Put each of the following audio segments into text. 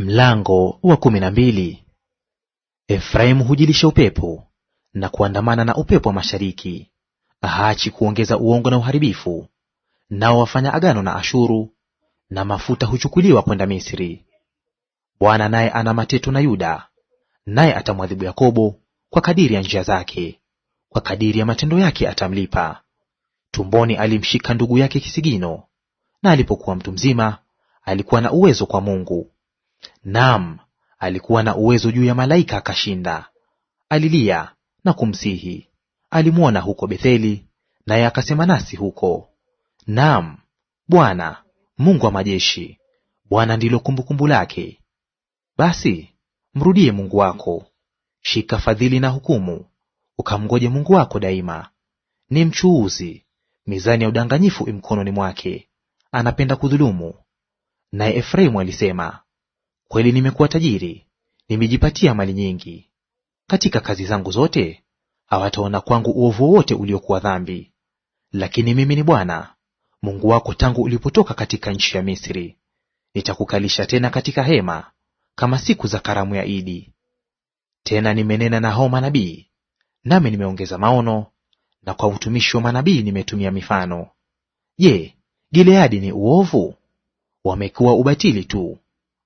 Mlango wa kumi na mbili. Efraimu hujilisha upepo na kuandamana na upepo wa mashariki, haachi kuongeza uongo na uharibifu. Nao wafanya agano na Ashuru, na mafuta huchukuliwa kwenda Misri. Bwana naye ana mateto na Yuda, naye atamwadhibu Yakobo kwa kadiri ya njia zake, kwa kadiri ya matendo yake atamlipa. Tumboni alimshika ndugu yake kisigino, na alipokuwa mtu mzima alikuwa na uwezo kwa Mungu. Naam, alikuwa na uwezo juu ya malaika akashinda. Alilia na kumsihi, alimwona huko Betheli, naye akasema nasi huko. Naam, Bwana Mungu wa majeshi, Bwana ndilo kumbukumbu lake. Basi mrudie Mungu wako, shika fadhili na hukumu, ukamngoje Mungu wako daima. Ni mchuuzi, mizani ya udanganyifu imkononi mwake, anapenda kudhulumu. Naye Efraimu alisema, Kweli nimekuwa tajiri, nimejipatia mali nyingi; katika kazi zangu zote hawataona kwangu uovu wowote uliokuwa dhambi. Lakini mimi ni Bwana Mungu wako tangu ulipotoka katika nchi ya Misri. Nitakukalisha tena katika hema kama siku za karamu ya Idi. Tena nimenena na hao manabii, nami nimeongeza maono, na kwa utumishi wa manabii nimetumia mifano. Je, Gileadi ni uovu? Wamekuwa ubatili tu,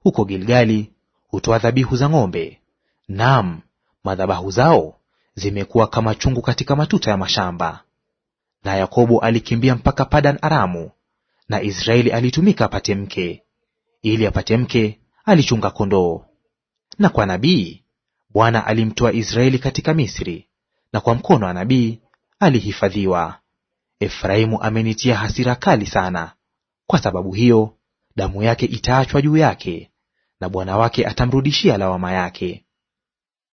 huko Gilgali hutoa dhabihu za ng'ombe; naam, madhabahu zao zimekuwa kama chungu katika matuta ya mashamba. Na Yakobo alikimbia mpaka Padan Aramu, na Israeli alitumika apate mke; ili apate mke alichunga kondoo. Na kwa nabii Bwana alimtoa Israeli katika Misri, na kwa mkono wa nabii alihifadhiwa. Efraimu amenitia hasira kali sana; kwa sababu hiyo damu yake itaachwa juu yake, na bwana wake atamrudishia lawama yake.